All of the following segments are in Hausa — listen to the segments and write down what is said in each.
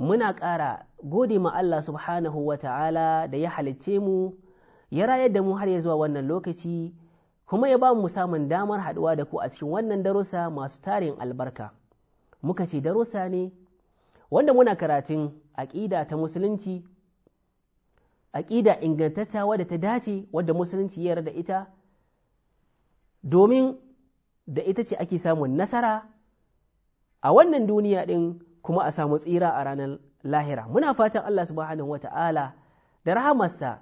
muna ƙara gode ma Allah subhanahu wa ta'ala da ya halicce mu ya rayar da mu har ya zuwa wannan lokaci kuma ya ba mu samun damar haɗuwa da ku a cikin wannan darussa masu tarin albarka muka ce darussa ne wanda muna karatun aƙida ta musulunci aƙida ingantacca wadda ta dace wadda musulunci ya da ita domin da ita ce ake samun nasara a wannan duniya ɗin kuma a samu tsira a ranar lahira muna fatan Allah subhanahu wata'ala da rahamarsa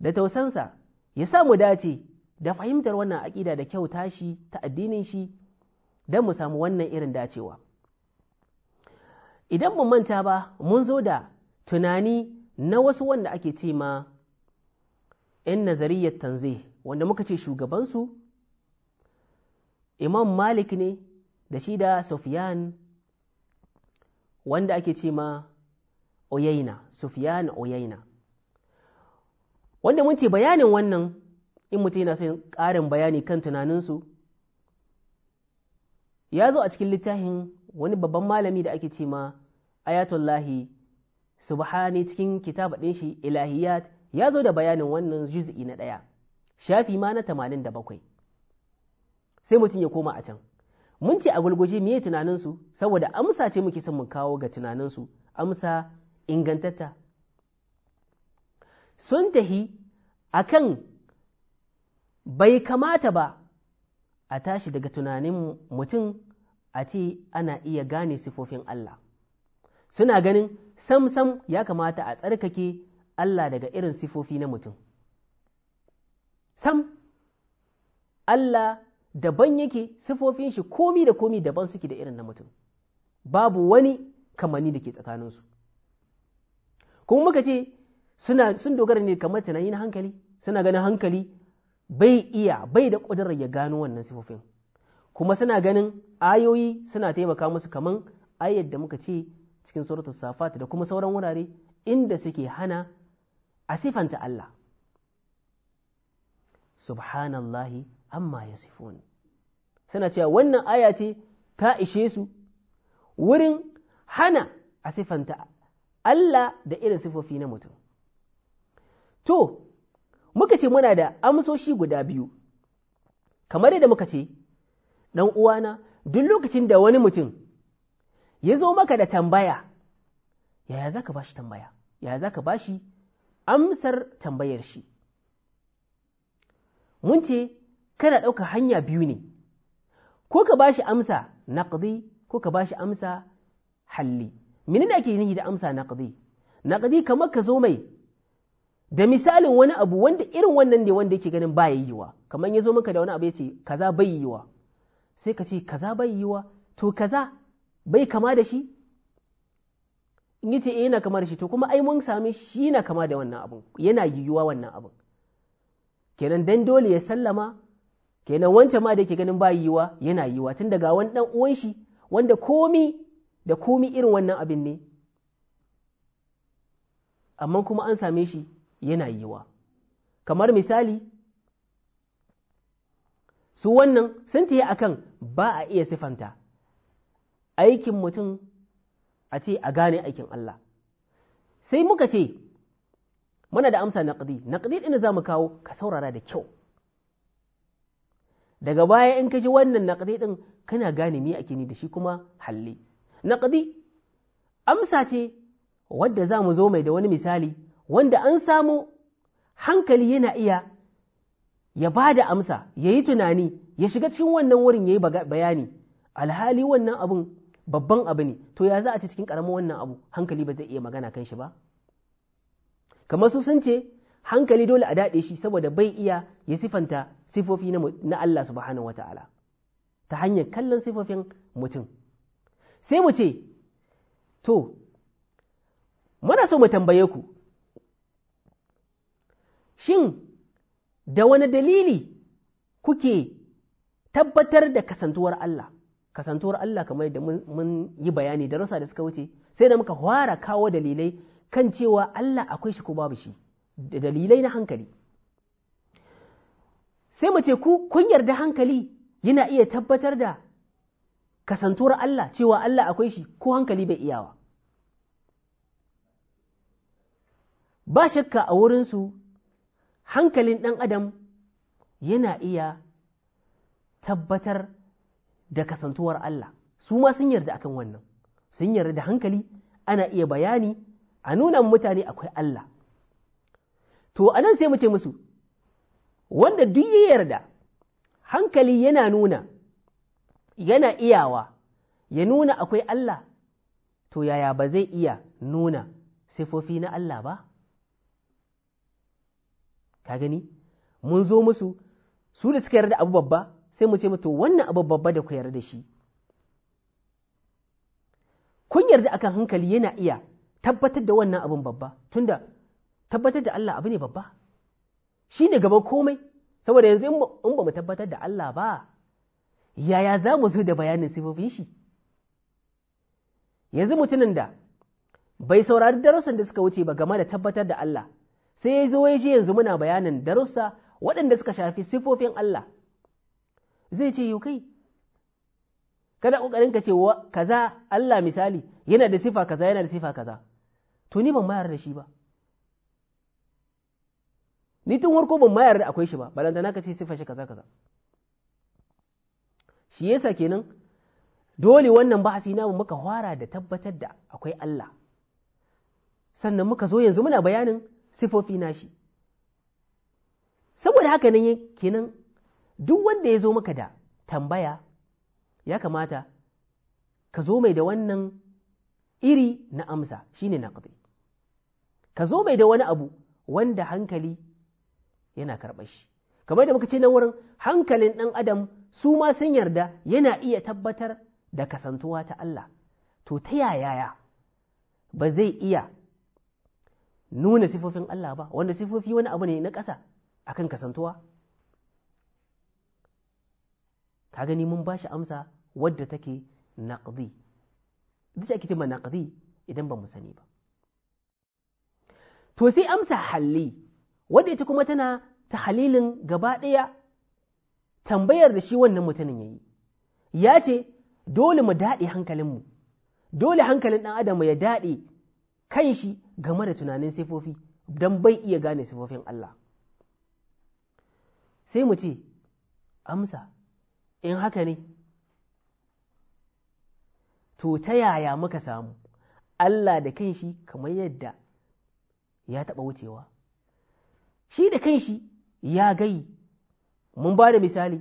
da tausansa ya mu dace da fahimtar wannan aƙida da kyau tashi ta addinin shi don mu samu wannan irin dacewa idan mu manta ba mun zo da tunani na wasu wanda ake ce ma 'yan nazariyar tanzih wanda muka ce shugabansu imam malik ne da shi da sufyan wanda ake ce ma Oyaina, Sufiyana Oyaina. Wanda mun ce bayanin wannan in mutum yana son ƙarin bayani kan tunaninsu, ya zo a cikin littafin wani babban malami da ake ce ma Ayatullahi Subhani cikin kitab ɗin shi Ilahiyat ya zo da bayanin wannan juz'i na ɗaya, shafi ma na tamanin da bakwai, Sai mutum ya koma a can. mun ce a gulguje miye tunaninsu saboda amsa ce muke son mu kawo ga tunaninsu amsa ingantatta sun tahi akan bai kamata ba a tashi daga tunanin mutum a ce ana iya gane sifofin Allah suna ganin sam-sam ya kamata a tsarkake Allah daga irin sifofi na mutum sam Allah daban yake sifofin shi komi da komi daban suke da irin na mutum babu wani kamani da ke tsakaninsu kuma muka ce sun dogara ne kamar tunani na hankali suna ganin hankali bai iya bai da ƙudurar ya gano wannan sifofin kuma suna ganin ayoyi suna taimaka musu kamar ayyar da muka ce cikin suratul safat da kuma sauran wurare inda suke hana a sifanta Allah subhanallahi amma ya sifon suna cewa wannan aya ce ta ishe su wurin hana a sifanta Allah da irin sifofi na mutum to muka ce muna da amsoshi guda biyu kamar yadda muka ce ɗan uwana duk lokacin da wani mutum ya zo maka da tambaya yaya za ka ba tambaya yaya za ka ba amsar tambayar shi mun ce kana ɗauka hanya biyu ne ko ka ba shi amsa naqdi ko ka ba shi amsa halli menene ake nihi da amsa naqdi naqdi kamar ka zo mai da misalin wani abu wanda irin wannan ne wanda yake ganin ba yiwa kamar ya zo maka da wani abu ya ce kaza bai yiwa sai ka ce kaza bai yiwa to kaza bai kama da shi in ce eh yana kama da shi to kuma ai mun sami shi yana kama da wannan abun yana yiwuwa wannan abun kenan dan dole ya sallama kenan wancan ma da ke ganin ba yiwa yana yiwa tun daga wani ɗan uwan shi wanda komi da komi irin wannan abin ne amma kuma an same shi yana yiwa kamar misali su wannan sun tiye akan ba a iya sifanta aikin mutum a ce a gane aikin Allah sai muka ce muna da amsa naqdi naqdi ɗin za mu kawo ka saurara da kyau daga baya in ka ji wannan naqdi ɗin kana gane me ake ni da shi kuma halli Naƙari amsa ce wadda za mu zo mai da wani misali wanda an samu hankali yana iya ya ba da amsa ya yi tunani ya shiga cikin wannan wurin ya yi bayani alhali wannan abun babban abu ne to ya za a ci cikin ƙaramin wannan abu hankali ba zai iya magana kan shi ba kamar su sun ce hankali dole a daɗe shi saboda bai iya ya sifanta sifofi na Allah subhanahu wata'ala ta hanyar kallon sifofin mutum sai mu ce to mana so mu tambaye ku shin da wani dalili kuke tabbatar da kasantuwar Allah kasantuwar Allah kamar da mun yi bayani da rasa da suka wuce sai da muka hwara kawo dalilai kan cewa Allah akwai shi ko babu shi da dalilai na hankali sai mu ce ku kun yarda hankali yana iya tabbatar da kasantuwar Allah cewa Allah akwai shi ko hankali bai iyawa ba shakka a wurinsu hankalin ɗan adam yana iya tabbatar da kasantuwar Allah su ma sun yarda akan wannan sun yarda da hankali ana iya bayani a nuna mutane akwai Allah to a nan sai mu ce musu wanda duk ya yarda hankali yana nuna yana iyawa ya nuna akwai Allah to yaya ba zai iya nuna sifofi na Allah ba ka gani mun zo musu su da suka yarda abu babba sai mu ce musu wannan abu babba da ku yarda shi kun yarda akan hankali yana iya tabbatar da wannan abin babba tunda tabbatar da Allah abu ne babba shi ne gaban komai saboda yanzu in ba mu tabbatar da Allah ba yaya za mu zo da bayanin sifofin shi yanzu mutumin da bai saurari darussan da suka wuce ba game da tabbatar da Allah sai ya zo ya ji yanzu muna bayanin darussa waɗanda suka shafi sifofin Allah zai ce yau kai kada ƙoƙarin ka ce kaza Allah misali yana da sifa kaza yana da sifa kaza to ni ban mayar da shi ba ni tun warko ban mayar da akwai shi ba balantana ka ce sifa shi kaza kaza shi yasa kenan dole wannan bahasi na mu muka fara da tabbatar da akwai Allah sannan muka zo yanzu muna bayanin sifofi shi. saboda haka nan kenan duk wanda ya zo maka da tambaya ya kamata ka zo mai da wannan iri na amsa shine naqdi ka zo mai da wani abu wanda hankali yana karɓar shi kamar da muka ce na wurin hankalin ɗan adam su ma sun yarda yana iya tabbatar da kasantuwa ta Allah to ta yaya ba zai iya nuna sifofin Allah ba wanda sifofi wani abu ne na ƙasa akan kasantuwa ka gani mun ba shi amsa wadda take naqdi duk ake ce ma naqdi idan ba mu sani ba to sai amsa halli wadda ita kuma tana ta halilin gaba ɗaya tambayar da shi wannan mutumin ya yi ya ce dole mu daɗe hankalinmu dole hankalin ɗan adam ya daɗe kan shi game da tunanin sifofi don bai iya gane sifofin Allah sai mu ce amsa in haka ne to ta yaya muka samu Allah da shi kamar yadda ya taɓa wucewa shi da kanshi ya gai mun ba da misali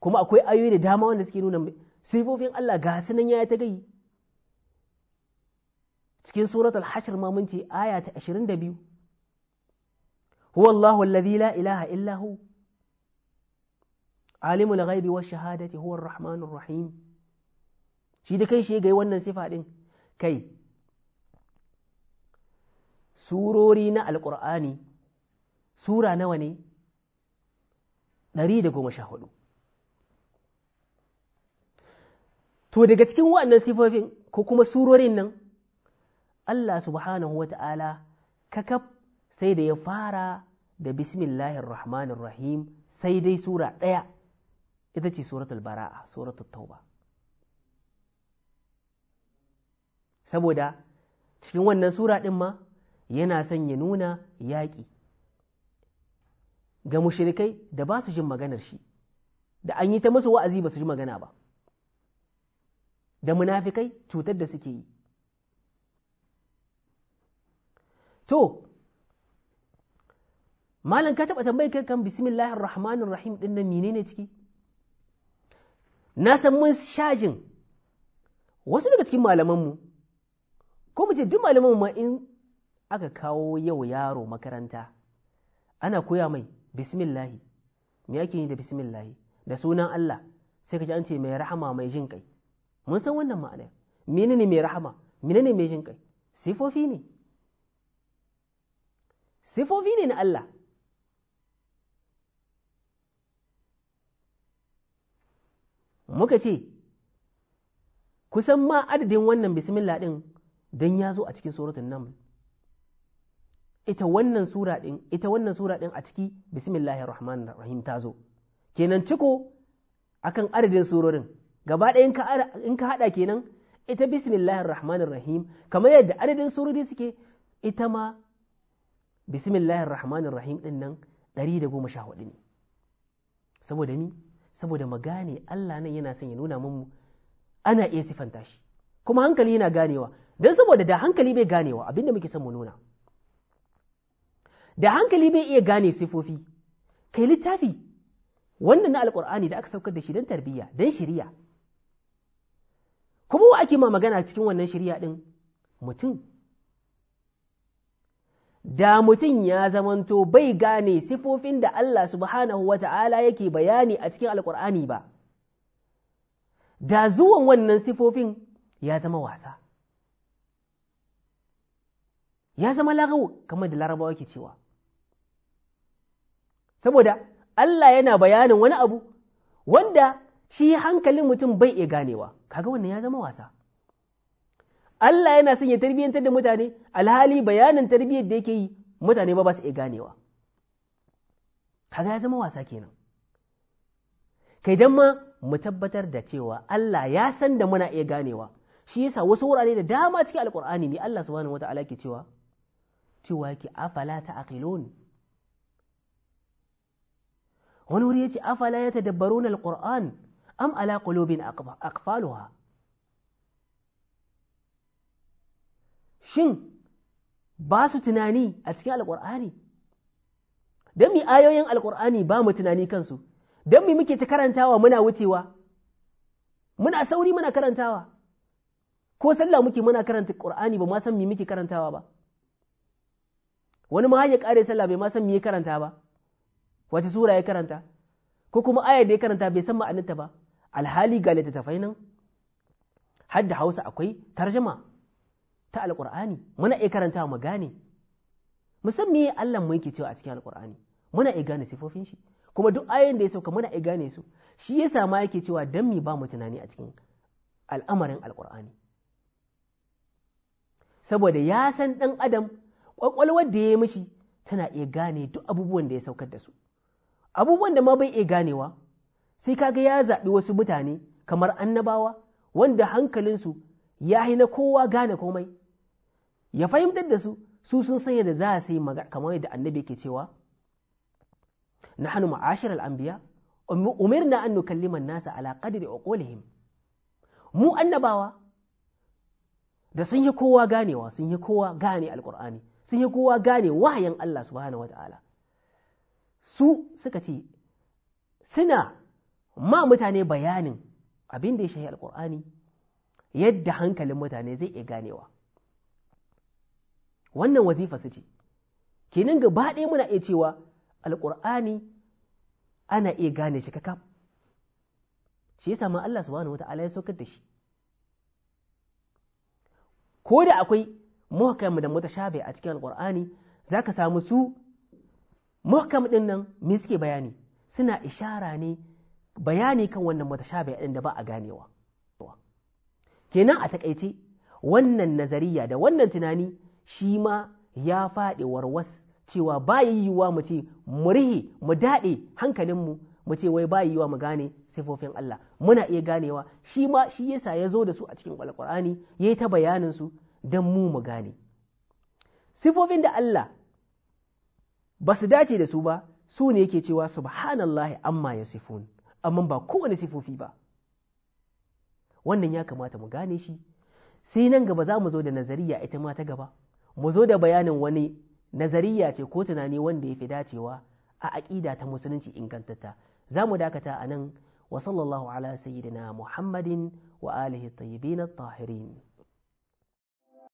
kuma akwai ayoyi da dama wanda suke nuna sifofin Allah ga su nan ya ta gai cikin surat al-hashr ma mun ce aya ta 22 huwa alladhi la ilaha illa hu alimul ghaibi wash shahadati huwa ar-rahmanur rahim shi da kanshi ya gai wannan sifa din kai surori na alqur'ani sura nawa ne hudu. to daga cikin waɗannan sifofin ko kuma surorin nan Allah subhanahu wa ta'ala kakaf sai da ya fara da bismillahir rahmanir rahim sai dai sura ɗaya ita ce suratul bara'a suratul tauba saboda cikin wannan sura ɗin ma yana son ya nuna yaƙi ga mushirikai da ba su jin maganar shi da an yi ta musu wa'azi ba su ji magana ba da munafikai cutar da suke yi to malam ka taɓa tambayi kai kan bismillahir rahmanir rahim ɗin nan menene ciki na san mun shajin wasu daga cikin malamanmu ko mu ce duk malamanmu ma in aka kawo yau yaro makaranta ana koya mai bismillahi me yake yi da bismillahi da sunan Allah sai ka ji an ce mai rahama mai jin kai mun san wannan ma'ana mene menene mai rahama menene mai jin kai sifofi ne sifofi ne na Allah muka ce kusan ma adadin wannan bismillah din dan ya zo a cikin suratul naml ita wannan sura din ita wannan sura din a ciki bismillahir rahmanir rahim ta zo kenan ciko akan adadin surorin gaba ɗaya in ka haɗa kenan ita bismillahir rahmanir rahim kamar yadda adadin surori suke ita ma bismillahir rahmanir rahim din nan 114 ne saboda mi saboda magane Allah nan yana son ya nuna mu ana iya sifanta shi kuma hankali yana ganewa don saboda da hankali bai ganewa abinda muke son mu nuna da hankali bai iya gane sifofi kai littafi wannan na alkur'ani da aka saukar da shi don tarbiyya don shirya. kuma wa ake ma magana cikin wannan shirya din mutum da mutum ya zamanto bai gane sifofin da Allah subhanahu wa ta'ala yake bayani a cikin alkur'ani ba da zuwan wannan sifofin ya zama wasa ya zama lagawo kamar da larabawa ke cewa saboda Allah yana bayanin wani abu wanda shi hankalin mutum bai iya ganewa kaga wannan ya zama wasa Allah yana son ya tarbiyyantar da mutane alhali bayanin tarbiyyar da yake yi mutane ba ba su iya ganewa kaga ya zama wasa kenan kai dan ma mu tabbatar da cewa Allah ya san da muna iya ganewa shi yasa wasu wurare da dama cikin alkur'ani ne Allah subhanahu wataala ke cewa cewa ki afala ta'qilun wani wuri yace afala ya na alƙur'an am ala qulubin akfaluwa shin ba su tunani a cikin Alƙur'ani? Don mi ayoyin Alƙur'ani ba mu tunani kansu don mi muke ta karantawa muna wucewa muna sauri muna karantawa ko sallah muke muna karanta ƙur'ani ba ma san mi muke karantawa ba wani ma ya kare sallah bai ma san ya karanta ba Wata sura ya karanta ko kuma ayar da ya karanta bai san ma'anarta ba alhali ga littattafai nan har hausa akwai tarjama ta alƙur'ani muna iya karanta mu gane musamman ya Allah mu yake cewa a cikin alƙur'ani muna iya gane sifofin shi kuma duk ayoyin da ya sauka muna iya gane su shi yasa ma yake cewa dan mi ba mu tunani a cikin al'amarin alƙur'ani saboda ya san ɗan adam ƙwaƙwalwar da ya yi mishi tana iya gane duk abubuwan da ya saukar da su abubuwan da ma bai iya ganewa sai kaga ya zaɓi wasu mutane kamar annabawa wanda hankalinsu ya yi na kowa gane komai ya fahimtar da su su sun san da za su yi kamar yadda annabi ke cewa nahnu ma'ashirar um-, an biya, umar na annu kalliman nasa ala qadri ƙolihim mu annabawa da sun yi kowa ganewa sun yi kowa gane Alƙur'ani, sun yi kowa gane wahayin Allah subhanahu wata'ala su suka ce suna ma mutane bayanin abin da ya shahi alkur'ani yadda hankalin mutane zai iya ganewa wannan wazifa su ce kenan gaba ɗaya muna iya cewa Alƙur'ani ana iya gane shi kakaf shi ya sami Allah subhanahu wata'ala ya saukar da shi ko da akwai muhakam da mutashabi a cikin alkur'ani ka samu su muhkam ɗin nan me suke bayani suna ishara ne bayani kan wannan mutashabiha din da ba a ganewa kenan a takaice wannan nazariya da wannan tunani shi ma ya faɗi warwas cewa ba yiwuwa mu ce mu rihi mu daɗe hankalinmu mu ce wai ba yiwuwa mu gane sifofin Allah muna iya ganewa shi ma shi yasa ya zo da su a cikin alƙur'ani ya yi ta bayanin su don mu mu gane sifofin da Allah ba su dace da su ba su ne yake cewa subhanallahi amma ya sifun amma ba kowane sifofi ba wannan ya kamata mu gane shi sai nan gaba za mu zo da nazariya ita ma ta gaba mu zo da bayanin wani nazariya ce ko tunani wanda ya fi dacewa a aƙida ta musulunci ingantatta za mu dakata a nan wa sallallahu ala sayyidina muhammadin wa alihi tayyibin tahirin